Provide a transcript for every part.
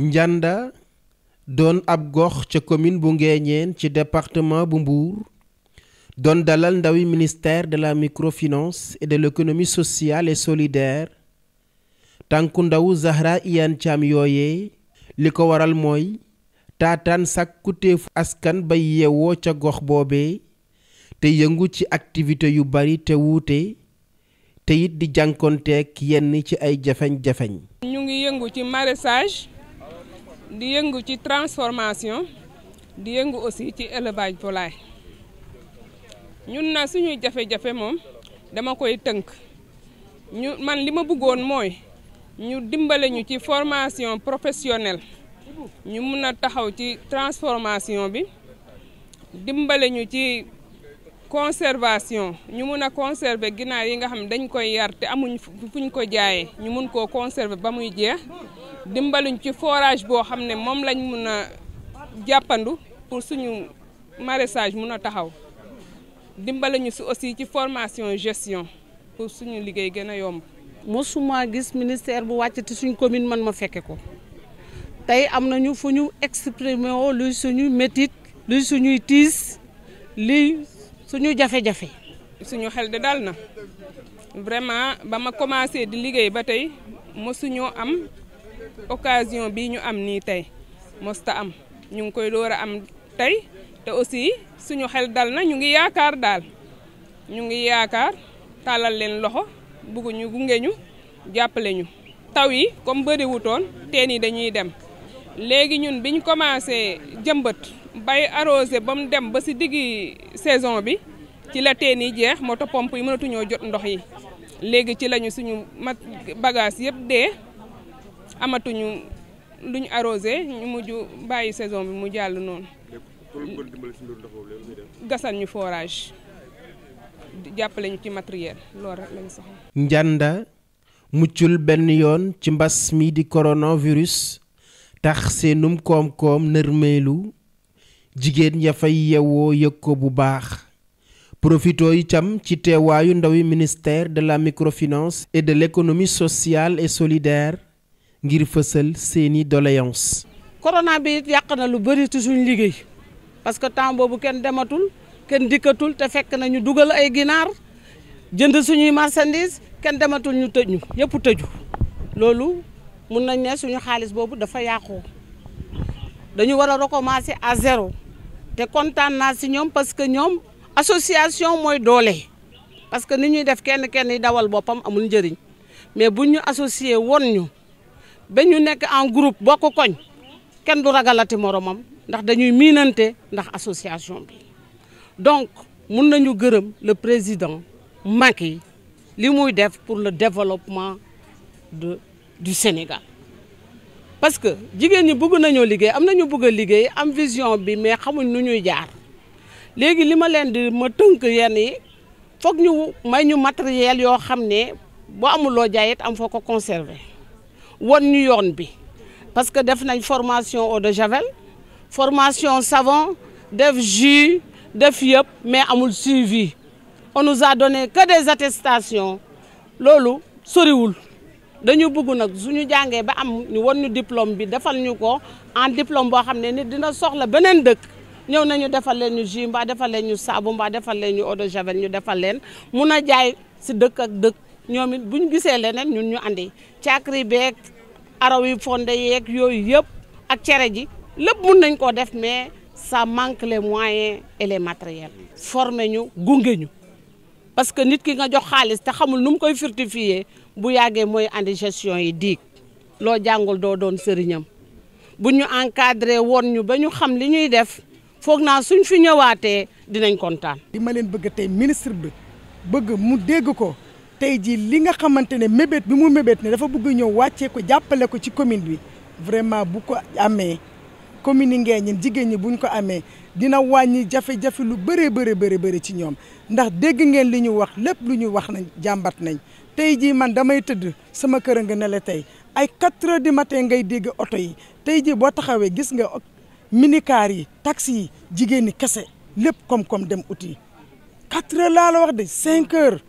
Ndianda doon ab gox ca commune bu Nguéniène ci département bu Mbour doon dalal ndawi ministère de la microfinance et de l'économie sociale et solidaire tànku ndaw Zahra Iyane Thiam yooyee li ko waral mooy taataan sàkkuteefu askan bay yeewoo ca gox boobee te yëngu ci activité yu bari te wuute te it di jànkonteek yenn ci ay jafeñ-jafeñ di yëngu ci transformation di yëngu aussi ci élevage volaille ñun na suñuy jafe-jafe moom dama koy tënk ñu man li ma buggoon mooy ñu dimbale ñu ci formation professionnelle ñu mun a taxaw ci transformation bi dimbale ñu ci conservation ñu mun a conserver ginaar yi nga xam ne dañ koy yar te amuñ fuñ ko jaayee ñu mun koo conserver ba muy jeex dimbaluñ ci forage boo xam ne moom lañ mun a jàppandu pour suñu maraîchage mun a taxaw dimbali ñu su aussi ci formation gestion pour suñu liggéey gën a yomb. mosuma gis ministère bu wàcc ci suñ commune man ma fekke ko tey am nañu fu ñu exprimer woo luy suñu métit luy suñuy tiis lii suñu jafe-jafe. suñu xel de dal na vraiment bama ma commencé di liggéey ba tey mosuñoo am. occasion bi ñu am nii tey mosta am ñu ngi koy door a am tey te aussi suñu xel dal na ñu ngi yaakaar daal ñu ngi yaakaar tàllal leen loxo bugguñu gunge ñu jàppale ñu taw yi comme bëriwutoon teen yi dañuy dem léegi ñun biñ commencé jëmbët bay arrosé ba mu dem ba si diggi saison bi ci la teen yi jeex moto pompe yi mënatuñoo jot ndox yi léegi ci lañu suñu mat bagage yëpp dee amatuñu luñ arrosé ñu mujj bàyyi saison bi mu jàll noonu. gasal ñu forage jàppale ñu ci matériel loolu Njanda muccul benn yoon ci mbas mi di coronavirus tax seenum koom-koom nërmeelu jigéen ya fay yewoo yëg ko bu baax. profito itam ci teewaayu ndawi ministère de la microfinance et de l'économie sociale et solidaire. ngir fësal seeni doléance corona bi it yàq na lu bëri ci suñu liggéey parce que temps boobu kenn dematul kenn dikkatul te fekk nañu dugal ay ginaar jënd suñuy marchandise kenn dematul ñu tëj ñu yëpp tëju loolu mun nañ ne suñu xaalis boobu dafa yàqu dañu war a recommencer à zéro te kontaan naa si ñoom parce que ñoom association mooy doole parce que ni ñuy def kenn kenn dawal boppam amul njëriñ mais buñ ñu associé woon ñu. ba ñu nekk en groupe bokk koñ kenn du ragalati moromam ndax dañuy miinante ndax association bi donc mun nañu gërëm le président Macky li muy def pour le développement de du Sénégal parce que jigéen ñi bëgg nañoo liggéey am nañu bugg a liggéey am vision bi mais xamuñ nu ñuy jaar léegi li ma leen di ma tënk yenn yi foog ñu may ñu matériel yoo xam ne boo amuloo jaayit am foo ko conserver won ñu yoon bi parce que def nañ formation eau de javel formation savon def jus def yëpp mais amul suivi on nous a donné que des attestations loolu soriwul dañu bëgg nag suñu jàngee ba am ñu won ñu diplôme bi defal ñu ko en diplôme boo xam ne nit dina soxla beneen dëkk ñëw nañu defal leen ñu jus mbaa defal leen ñu saabu mbaa defal leen ñu eau de javel ñu defal leen mun a jaay si dëkk ak dëkk ñoom it bu ñu gisee leneen ñun ñu andi càkkri beeg araw yi fonde yeeg yooyu yëpp ak cere ji lépp mun nañ koo def mais ça manque les moyens et les matériels former ñu gunge ñu parce que nit ki nga jox xaalis te xamul nu mu koy fructifier bu yàggee mooy andi gestion yi diig loo jàngul doo doon sëriñam bu ñu encadré woon ñu ba ñu xam li ñuy def foog naa suñ fi ñëwaatee dinañ kontaan. di ma leen bëgg tey ministre bi bëgg mu dégg ko. tey jii li nga xamante ne mébét bi mu mébét ni dafa bëgg ñëw wàccee ko jàppale ko ci commune bi vraiment bu ko amee commune yi Nguéniène jigéen ñi bu ñu ko amee dina wàññi jafe-jafe lu bëree bëri bëri bëri ci ñoom ndax dégg ngeen li ñu wax lépp lu ñu wax nañ jàmbat nañ tey jii man damay tëdd sama kër a nga ne la tey ay 4 heures du matin ngay dégg oto yi tey jii boo taxawee gis nga ak minicar yi taxi yi jigéen ñi kese lépp koom-koom dem uti 4 heures la wax de 5 heures.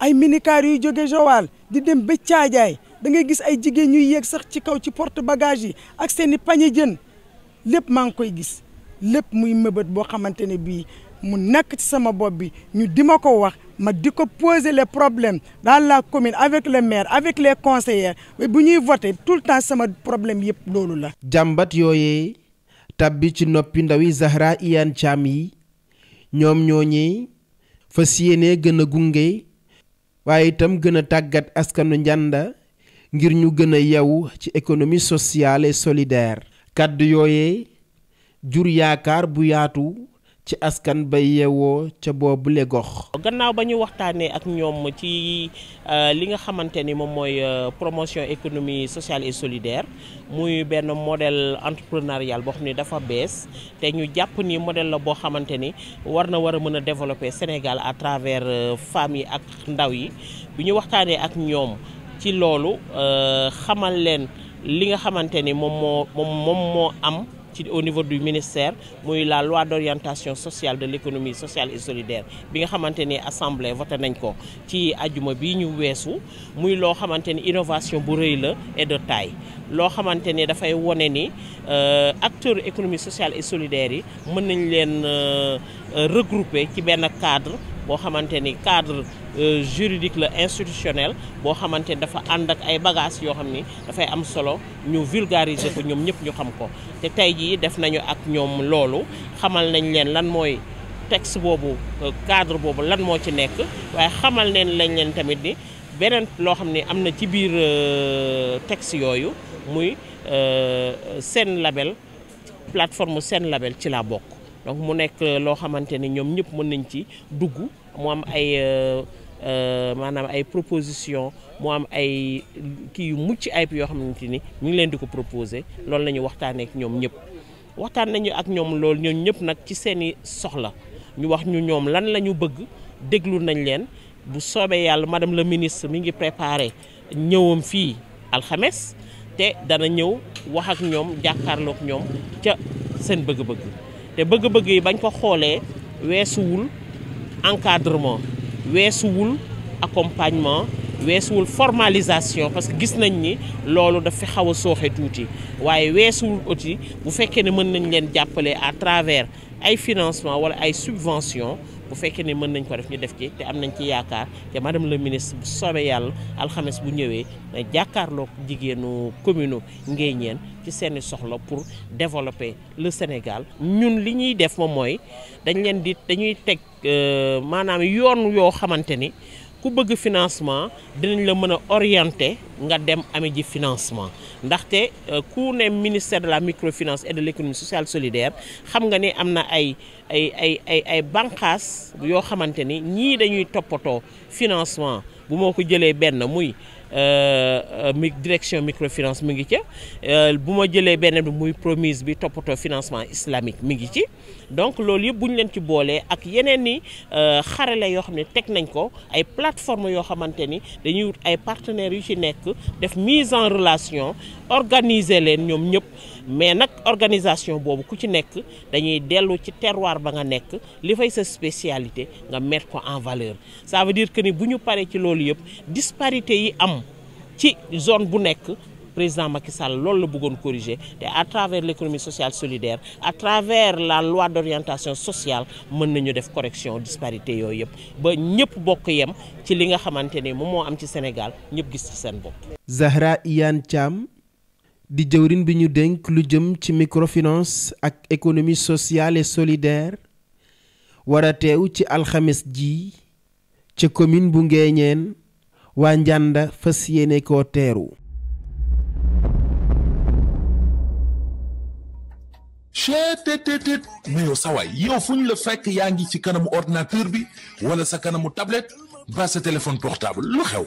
ay minicar yuy jóge Joal di dem ba Caajaay da ngay gis ay jigéen ñuy yéeg sax ci kaw ci porte bagage yi ak seen i pañe jën lépp maa ngi koy gis lépp muy mëbët boo xamante ne bii mu nekk ci sama bopp bi ñu di ma ko wax ma di ko poser les problème dans la commune avec le maire avec les conseillers bu ñuy voter tout le temps sama problème yëpp loolu la. jàmbat yooyee tàbbi ci noppi ndawi Zahra Iyane Thiam yi ñoom ñooñee fas yéene gën a gunge. waaye itam gën a tàggat askanu njànda ngir ñu gën a yew ci économie sociale et solidaire kàddu yooyee jur yaakaar bu yaatu ci askan ba yeewoo ca boobule gox. gannaaw ba ñu waxtaanee ak ñoom ci euh, li nga xamante ni moom mooy euh, promotion économie sociale et solidaire muy benn modèle entrepreneurial boo xam ne dafa bees te ñu jàpp ni modèle la boo xamante ni war na war a mën a développer Sénégal à travers euh, femmes yi ak ndaw yi bi ñu waxtaanee ak ñoom ci loolu xamal leen li nga xamante ni moom moo moom moo am. ci au niveau du ministère muy la loi d'orientation sociale de l'économie sociale et solidaire bi nga xamante ni assemblée voté nañ ko ci ajuma bi ñu weesu muy loo xamante ni innovation bu rëy la et de taille loo xamante ni dafay wone ni euh, acteurs économie sociale et solidaire yi mën nañ leen euh, regrouper ci benn cadre boo xamante ni cadre euh, juridique la institutionnel boo xamante ni dafa ànd ak ay bagages yoo xam ni dafay am solo ñu vulgariser ko ñoom ñëpp ñu xam ko te tey jii def nañu ak ñoom loolu xamal nañ leen lan mooy texte boobu euh, cadre boobu lan moo ci nekk waaye xamal leen lañ leen tamit ni beneen loo xam ni am na ci biir euh, texte yooyu muy seen label plateforme seen label ci la bokk donc mu nekk euh, loo xamante ni ñoom ñëpp mën nañ ci dugg mu am ay euh, euh, maanaam ay proposition mu am ay kii yu mucc ayib yoo xamante ni ñu ngi leen di ko proposer loolu la ñu waxtaanee ñoom ñëpp waxtaan nañu ak ñoom loolu ñoom ñëpp nag ci seeni soxla ñu wax ñu ñoom lan la ñu bëgg déglu nañ leen bu soobee yàlla madame la ministre mi ngi préparé ñëwam fii alxames te dana ñëw wax ak ñoom jàkkaarlook ñoom ca seen bëgg-bëgg te bëgg-bëgg yi bañ ko xoolee weesuwul encadrement weesuwul accompagnement weesuwul formalisation parce que gis nañ ni loolu dafa fi xaw a sooxe tuuti waaye weesuwul aussi bu fekkee ne mën nañ leen jàppale à travers ay financement wala ay subvention bu fekkee ne mën nañ ko def ñu def ci te am nañ ci yaakaar te madame le ministre bu soobee yàlla alxames bu ñëwee na jàkkaarloo jigéenu commune ñeen ci seeni soxla pour développer le Sénégal ñun li ñuy def moom mooy dañ leen di dañuy teg euh, maanaam yoon yoo xamante ni ku bëgg financement dinañ la mën a orienter nga dem ami ji financement ndaxte euh, ku ne ministère de la microfinance et de l'économie sociale solidaire xam nga ni am na ay ay ay ay ay banqaas yoo xamante ni ñii dañuy toppatoo financement bu moo ko jëlee benn muy Euh, euh, mi direction microfinance mi ngi ca euh, bu ma jëlee beneen bi muy promise bi toppatoo financement islamique mi ngi ci donc loolu yëpp bu ñu leen ci boolee ak yeneen ni xarale yoo xam ne teg nañ ko ay plateforme yoo xamante ni dañuy wut ay partenaires yu ci nekk def mise en relation organiser leen ñoom ñëpp mais nag organisation boobu ku ci nekk dañuy dellu ci terroir ba nga nekk li fay sa spécialité nga mettre ko en valeur ça veut dire que ni bu ñu paree ci loolu yëpp disparité yi am ci zone bu nekk président Macky Sall loolu la bëggoon corriger te à travers l' économie sociale solidaire à travers la loi d' orientation sociale mën nañu def correction disparité yooyu yëpp ba ñëpp bokk yem ci li nga xamante ne moom moo am ci Sénégal ñëpp gis ci seen bopp. di jëwrin bi ñu dénk lu jëm ci microfinance ak économie sociale solidaire war teew ci alxames ji ca commune bu Nguéniène waa Njanda fas yéene koo teeru cheetetetet mais yow sawaay yow fu ñu la fekk yaa ngi ci kanamu ordinateur bi wala sa kanamu tablet ba sa téléphone portable lu xew